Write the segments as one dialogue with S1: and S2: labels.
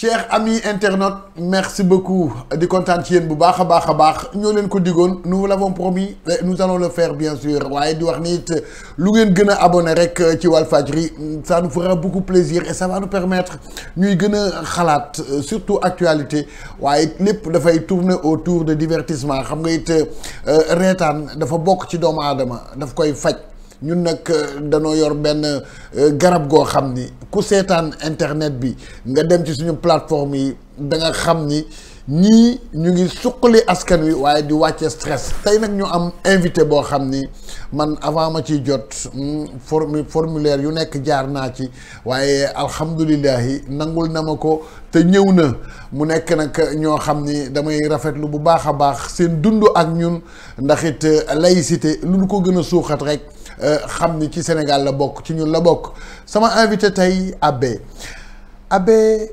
S1: chers amis internautes merci beaucoup di kontaan ci yéen bu baax a baax a baax ñoo leen ko digoon nu l'avons promis nous allons le faire bien sûr waaye di wax nit lu ngeen gën a abonné rek ci Walfadjri ça nous fera beaucoup plaisir et ça va nous permettre ñuy gën a xalaat surtout actualité waaye lépp dafay tourner autour de divertissement xam nga it euh, reetaan dafa bokk ci doomu aadama daf koy faj ñun nag euh, danoo yor benn euh, garab goo xam ni ku seetaan internet bi nga dem ci suñu plateforme yi da nga xam ni ñii ñu ngi suqali askan wi waaye di wàcce stress tey nag ñu am invité boo xam ni man avant ma ciy jot hmm, formu formulaire yu nekk jaar naa ci waaye alhamdulilahi nangul na ma ko te ñëw na mu nekk nag ñoo xam ni damay rafetlu bu baax a baax seen dund ak ñun ndax it euh, laïcité lu ñu ko gën a suuxat rek Euh, xam ni ci Sénégal la bokk ci ñun la bokk sama invité tey Abbé Abbé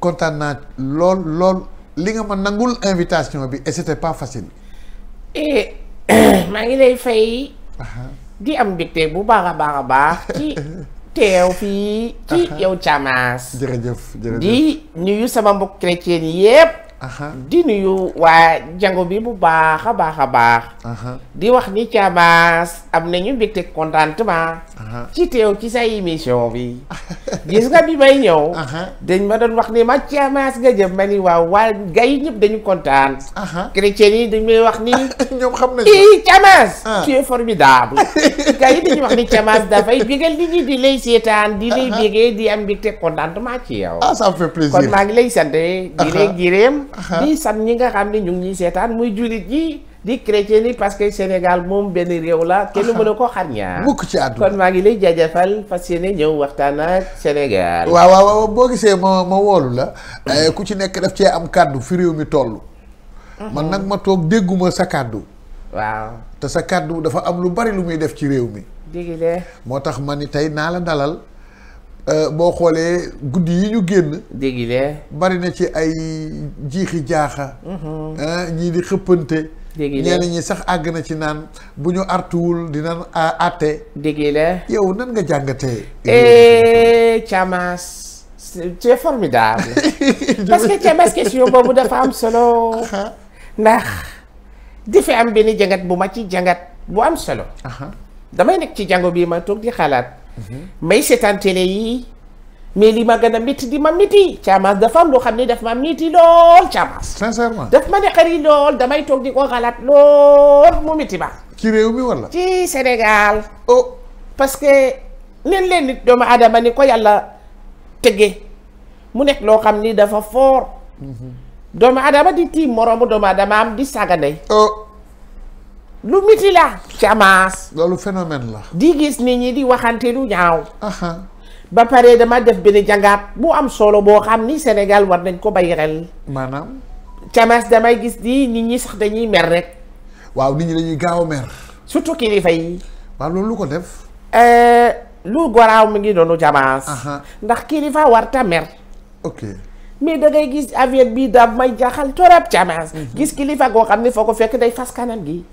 S1: kontaan naa lool lool li nga ma nangul invitation bi et c'était pas facile.
S2: maa ngi lay fay. di am mbégte bu baax a baax a baax ci teew fii ci yow Thiamas. jërëjëf jërëjëf di nuyu sama mbokk chrétien yépp di nuyu waa jango bi bu baax a baax a baax di wax ni caabaas am nañu mbégte contentement ci teew ci sa émission bi gis nga bi may ñëw dañ ma doon wax ni ma caabaas nga jëm ma ni waaw waa gars ñëpp dañu kontaan chrétien yi dañ may wax ni ñoom xam nañu i caabaas ah. tu es formidable gars dañu wax ni caabaas dafay bégal nit ñi di lay seetaan di lay bégee di am mbégte te ci yow ah ça me fait plaisir kon maa ngi lay sant di lay gërëm di sant ñi nga xam ne ñu ngi ñuy seetaan muy jullit yi di chrétien yi parce que Sénégal moom benn réew la kenn mënu ko xar ñaar mukk ci àdduna kon maa ngi lay jaajëfal fas yéene ñëw waxtaan ak Sénégal waaw waaw
S1: boo gisee ma ma woolu la eh, ku ci nekk daf cee am kàddu fi réew mi toll man nag ma toog dégguma sa kàddu waaw te sa kàddu dafa am lu bari lu muy def ci réew mi moo tax ma ni tey naa la dalal Euh, boo xoolee guddi yi ñu
S2: génn. dégg nga.
S1: bari na ci ay jiixi jaaxa. Mhm. Ah, ñii di xëppante. dégg ñi sax àgg na ci naan bu ñu artuwul dinañ ah,
S2: àtte. dégg yow nan nga jàngatee. Eh, Thiamas c'est formidable. parce que Thiamas question boobu dafa am solo. Ah, ndax di fi am benn jàngat bu ma ci jàngat bu am solo. damay nekk ci jàngo bii ma toog di xalaat. Mhm. may seetaan télé yi mais li ma gën a métti di ma métti caamaas dafa am loo xam ne daf ma métti lool caamaas. sincèrement daf ma naqari lool damay toog di ko xalaat lool mu métti ba. ci réew mi wala. ci Sénégal. oh parce que nen leen doomu aadama ni ko yàlla tëggee mu nekk loo xam ni dafa fort. Mhm. doomu aadama di tiim moroomu doomu aadama am di saaga ndey. Oh. lu miti la camaas loolu phénomène la di gis nit ñi di waxante lu ñaaw ba pare dama def benn jàngaat bu am solo boo xam ni Sénégal war nañ ko bàyyi xel maanaam camaas damay gis di nit ñi sax dañuy mer rek waaw nit ñi dañuy gaaw a mer surtout kilifa yi waaw loolu lu ko def euh, lu goraaw mu ngi doonu camaas ndax kilifa war ta mer ok mais da ngay gis avion bi da may jaxal torop camaas mhm. gis kilifa goo xam ne foo ko fekk day fas kanam gi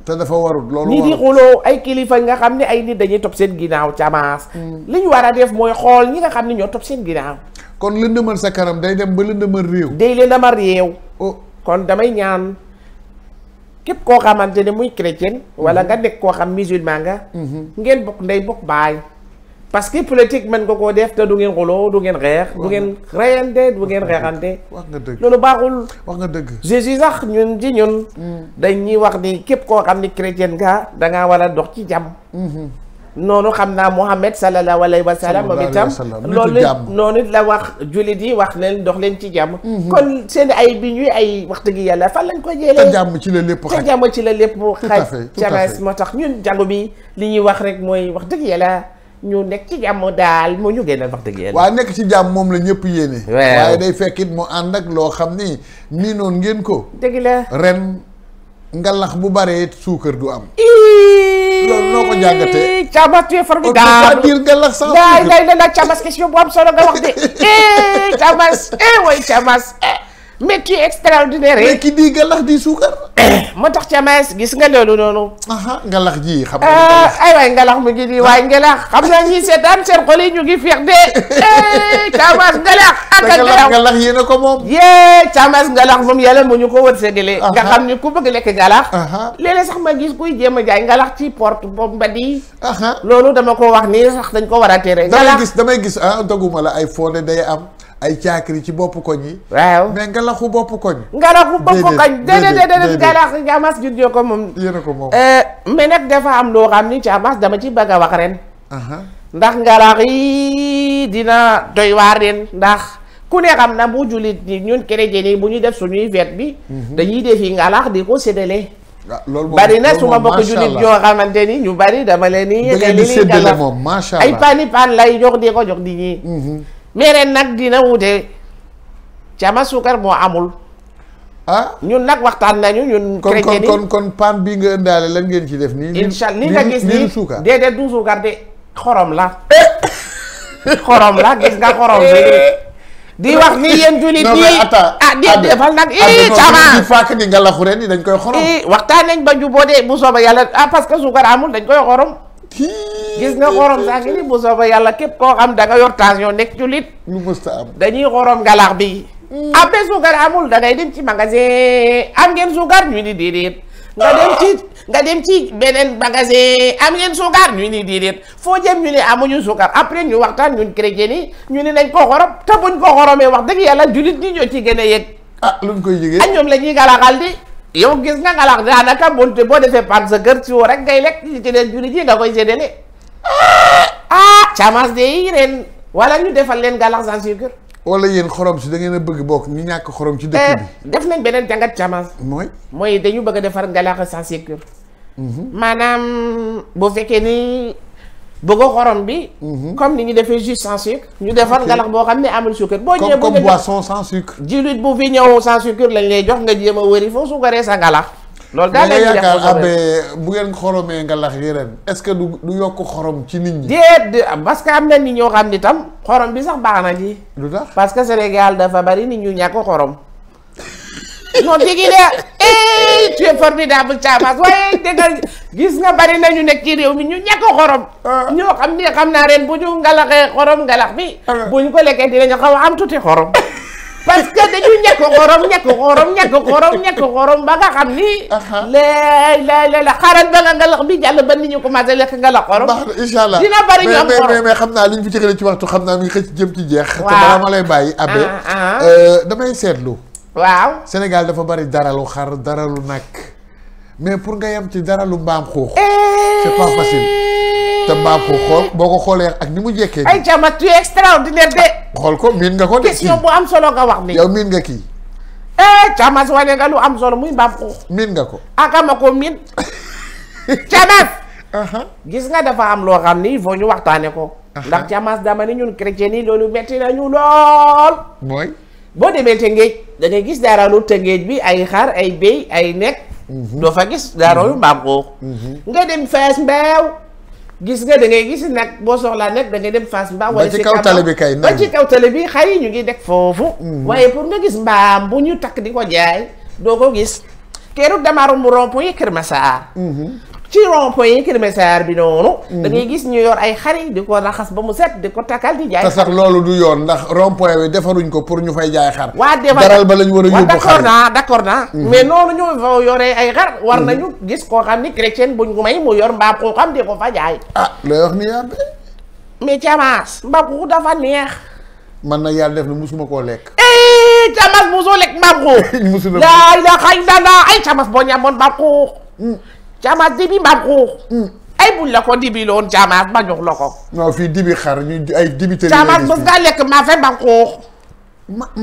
S1: te dafa warut loolu ñii di
S2: xuloo ay kilifa nga xam ne ay nit dañuy topp seen ginnaaw camaas mm. li ñu war a def mooy xool ñi nga xam ne ñoo topp seen ginnaaw kon lëndëmal sa kanam day dem ba lëndëmal réew day lëndëmal réew oh. kon damay ñaan képp koo xamante ne muy chrétien wala nga nekk koo xam musulman nga mm-hmm. ngeen bokk ndey bokk baay parce que politique mën nga koo def te du ngeen xuloo du ngeen xeex. du ngeen reyante du ngeen xeexante. wax nga dëgg loolu baaxul. wax nga dëgg. Jésus sax ñun ci ñun. Mm. dañuy wax ni képp koo xam ni chrétien nga da ngaa war a dox ci jàmm. Mm-hmm. noonu xam naa Muhammad sallallahu alayhi wa sallam moom itam loolu noonu la wax jullit yi wax leen dox leen ci jàmm mm-hmm. kon seen ay bi ñuy ay wax dëgg yàlla fan lañ koy jëlee jàmm ci la lépp xaj te jàmm ci la lépp xaj moo tax ñun jàngu bi li ñuy wax rek mooy wax dëgg yàlla ñu nekk ci jàmm daal moo ñu génne wax dëgg yàlla. waaw nekk ci
S1: jàmm moom la ñëpp yéene. waaye day fekkit mu ànd ak loo xam ni miinoon ngeen ko. dëgg la ren bu baree suukar du am.
S2: loolu noo ko jàngatee. càmmas tu es formidable dire ngalax sans mais qui est extraordinaire. mais qui dit di suukar. moo tax ca mais gis nga loolu noonu.
S1: ngalax ji xam nga. Ah,
S2: ay waay ngalax mu ngi nii waaye ngalax xam naa ñuy seetaan seen xol yi ñu ngi feex de eh, caamaas ngalax. ak ngalax ngalax yéen a ko moom. yee caamaas ngalax moom yàlla mu ñu ko wërsëgalee. nga xam ni ku bëgg lekk ngalax. léeg-léeg sax ma gis kuy jéem a jaay ngalax ci porte boobu mba di. loolu dama ko wax nii sax dañ ko war a tere. ngalax damay
S1: gis damay gis ah doguma la ay foone day am. ay caakiri ci bopp koñ yi. waaw mais ngalaxu bopp koñ. ngalaxu bopp koñ déedéet déedéet ngalax
S2: Camas gi ñoo ko moom. yéen a ko moom euh, mais nag dafa am loo xam ni Camas dama ci bëgg a wax ren. ndax ngalax yi dina doy waar ren ndax. ku ne xam na bu jullit ñi ñun chrétien yi bu ñu def suñuy fête bi mhm. dañuy defi ngalax di ko séddale
S1: ah, bari na su ma bokk jullit ñoo
S2: xamante ni ñu bari dama leen ni yégal li ngalax ay pani pan lay jox di ko jox di ñii mhm. mais ren nag dina wute cama suukar moo amul. ah ñun nag waxtaan nañu ñun. chrétien kon kon kon paan bii nga ëndaale lan ngeen ci def nii. incha li nga gis nii suukar déedéet du suukar de xorom la. xorom la gis nga xorom bi di eh. wax ni yéen julit nii ah di defal nag i sama fàkk ni nga laxu ren ni dañ koy xorom eh, waxtaan nañ ba juboo de bu soobee yàlla ah parce que suukar amul dañ koy xorom gis nga xorom saa ngi ni bu soobee yàlla képp koo xam da nga yor tension nekk jullit lu mës ta am dañuy xorom ngalax bi mm. après suukar amul da ngay dem ci magasin am ngeen suukar ñu ni déedéet nga ah. dem ci nga dem ci beneen magasin am ngeen suukar ñu ni déedéet foo jëm ñu ni amuñu suukar après ñu waxtaan ñun chrétien yi ñu ni nañ ko xorom te buñ ko xoromee wax dëgg yàlla jullit ñi ñoo ci gën a yëg a ah, ah, ñoom la ñuy ngalaxal yow gis nga nga lax daanaka bunte boo defee pan sa kër ci woo rek ngay lekk li ci nga koy séddale ah, ah camas de yi ren wala ñu defal leen galax sans sucre wala yéen xorom si da ngeen bëgg bokk ñu ñàkk xorom ci dëkk bi eh, def nañ beneen jàngat camas mooy mooy dañu bëgg a defar galax sans sucre mhm. maanaam boo fekkee ni bëgg xorom bi. Mhm. comme ni ñu defee jus sans sucre. ñu defar ngalax boo xam ne amul sucre. boo ñëwee comme comme boisson sans sucre. jullit bu fi ñëw sans sucre lañ lay jox nga jéem a wëri foo suukaree sa ngalax.
S1: loolu daal lañuy def yaakaar abe ah,
S2: bu ngeen xoromee ngalax yi ren que du du yokk xorom ci nit ñi. déet parce que am na nit ñoo xam ni xorom bi sax baax na ji. lu que Sénégal dafa bari nit ñu ñàkk xorom. non digi de eh tu es formidable Thiamas waaye dégg gis nga bari nañu nekk ci réew mi ñu ñàkk xorom. Ah. ñoo xam ne xam naa ren bu ñu ngalaxee xorom ngalax bi. Ah. bu ñu ko lekkee dinañu xaw a am tuuti xorom. parce que dañu ñàkk xorom ñàkk xorom ñàkk xorom ñàkk xorom ba nga xam la la la xaaral ba bi jàll ba nit ñu commencé lekk ngalax xorom. baax na incha allah dina bari ñu am xorom
S1: mais xam naa li ñu fi jëgalee ci waxtu xam naa mi ngi xëcc jëm ci jeex. te ma lay bàyyi. abe ah, euh, damay seetlu. waaw Sénégal dafa bari daralu xar daralu nag mais pour nga yem ci daralu mbaam xuux eh. c'est pas facile te mbaam xuux xool boo ko xoolee ak ni mu jekkee ay
S2: jama tu es extraordinaire de ah, xool ko miin nga ko de question bu am solo nga wax ni yow miin nga kii eh camas wane nga lu am solo muy mbaam xuux miin nga ko akama ko miin camas gis nga dafa am loo xam ni foo ñu waxtaane ko ndax camas dama ni ñun chrétien yi loolu metti nañu lool mooy boo demee te dangay ngay gis daaralu tëngeej bi ay xar ay béy ay nekk mhm. doo fa gis daaralu mbaam xuux mhm. nga dem fees mbaaw gis nga da ngay gis nag boo soxlaa nag da ngay dem Fass Mbaa. wala ci kaw tali bi kay ba ci kaw tali bi xar yi ñu ngi deg foofu. Mhm. waaye pour nga gis mbaam bu ñu takk di ko jaay doo ko gis. keroog damaaru mu romp yi Kër Masaar. ci rond yi Kër Masar bi noonu. Mhm. da ngay gis ñu yor ay xari di ko raxas ba mu set di ko takkal di jaay. te sax
S1: loolu du yoon ndax
S2: rond defaruñ ko pour ñu fay jaay xar. waa defar daral ba lañ war a yóbbu d' accord naa mhm. mais noonu ñu fa yoree ay xar. war mhm. gis koo xam ni chrétien buñ ko may mu yor mbaam koo xam di ko fa jaay. Ah, mais camaas mbaam dafa neex. man
S1: na yàlla def na musuma koo lekk.
S2: camaas eh, musoo lekk mbaam xuux. musu la ay camaas boo ñamoon mbaam jaamaas dibi maam hmm. xuux ay buñ la ko dibi loon jaamaas ba jox la ko fii dibi xar ñu ay dibi tëdd jaamaas mos ngaa lekk maa fe maam xuux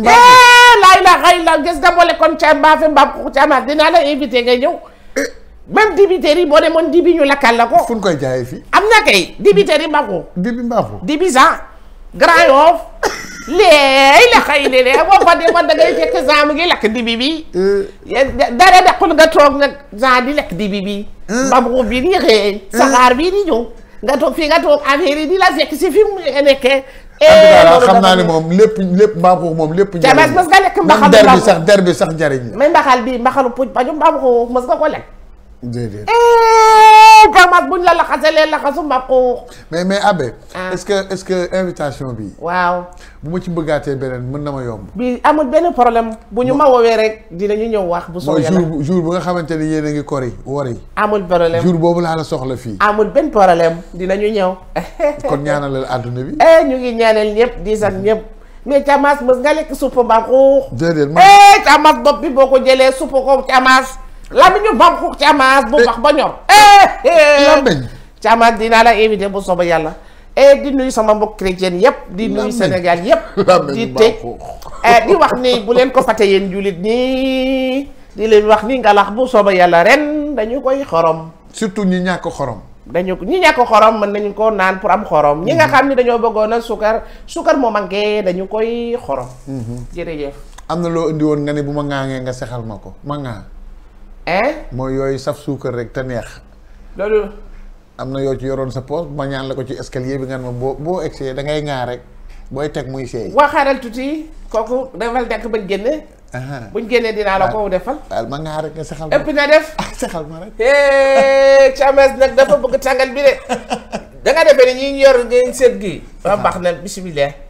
S2: laay la xay la gis nga boole kon ca maa fe maam xuux jaamaas dinaa la invité nga ñëw eh. même dibiteri boo demoon dibi ñu lakkal la ko fu koy jaayee fii am na kay dibiteri mbaxu dibi mbaxu dibi sax Grand Yoff léey la xay li de boo da ngay fekk mu ngi lekk dibi bi euh. dara daqul nga toog nag Jean di lekk dibi bi mbabru euh. bi di xëy saxaar euh. bi di ñëw nga toog fii nga toog affaire yi di la fekk si fi mu nekkee en eh, xam naa ne
S1: moom lépp lépp mbaxu moom lépp njariñ mas nga lekk mbaxal der bi sax der bi sax njariñ
S2: la mais mbaxal bi mbaxalu puj paju mbaxu mas nga ko lekk déedéet. Pamath eh, buñ la laxasalee laxasu mbaqu.
S1: mais mais Abbé. Ah. est-ce que est-ce que invitation bi. waaw bu ma ci bëggaatee beneen mën na ma yomb.
S2: bi amul benn problème bu ñu ma woowee rek dinañu ñëw wax. bu soobee la
S1: jour bu nga xamante ni yéen a ngi kori wari. amul problème jour boobu laa la soxla fii. amul benn problème ñu ñëw. kon ñaanalal àdduna bi.
S2: Eh, ñu ngi ñaanal ñëpp di sant mm-hmm. ñëpp. mais Thiamas mës nga lekk suppu mbaqu. déedéet ma eh, Thiamas bopp bi boo ko jëlee suppu ko lamiñu bam xux camaas bu bax ba ñor eh, eh, eh, lamiñ camaas dinaa la invité bu sooba yàlla di nuyu sama mbokk chrétien yëpp di nuyu Sénégal yëpp di tëj di wax ni bu leen ko fàtte yéen jullit nii di leen wax ni ngalax bu soobee yàlla ren dañu koy xorom surtout ñi ñàkk xorom dañu ñi ñàkk xorom mën nañu ko naan pour am xorom ñi nga mhm. xam ne dañoo bëggoon a sukar sukar moo manqué dañu koy xorom mhm. jërëjëf
S1: am na loo indi woon nga ne bu ma ŋaangee nga sexal ma ko ma ŋaa mooy yooyu saf suukar rek te neex. loolu. am na yoo ci yoroon sa poos ma ñaan la ko ci escalier bi nga ma boo boo egsee da ngay ŋaar rek booy teg muy seey.
S2: waxaaral tuuti kooku defal dekk bañ génne. buñ génnee dinaa la ko defal. waaw ma ŋaar rek nga saxal ma ëpp na def. sexal ah, saxal ma rek. Thiamès nag dafa bëgg tàngal bi de. da nga defee ni ñi yor ngeen set gi. waaw baax na bisimilah.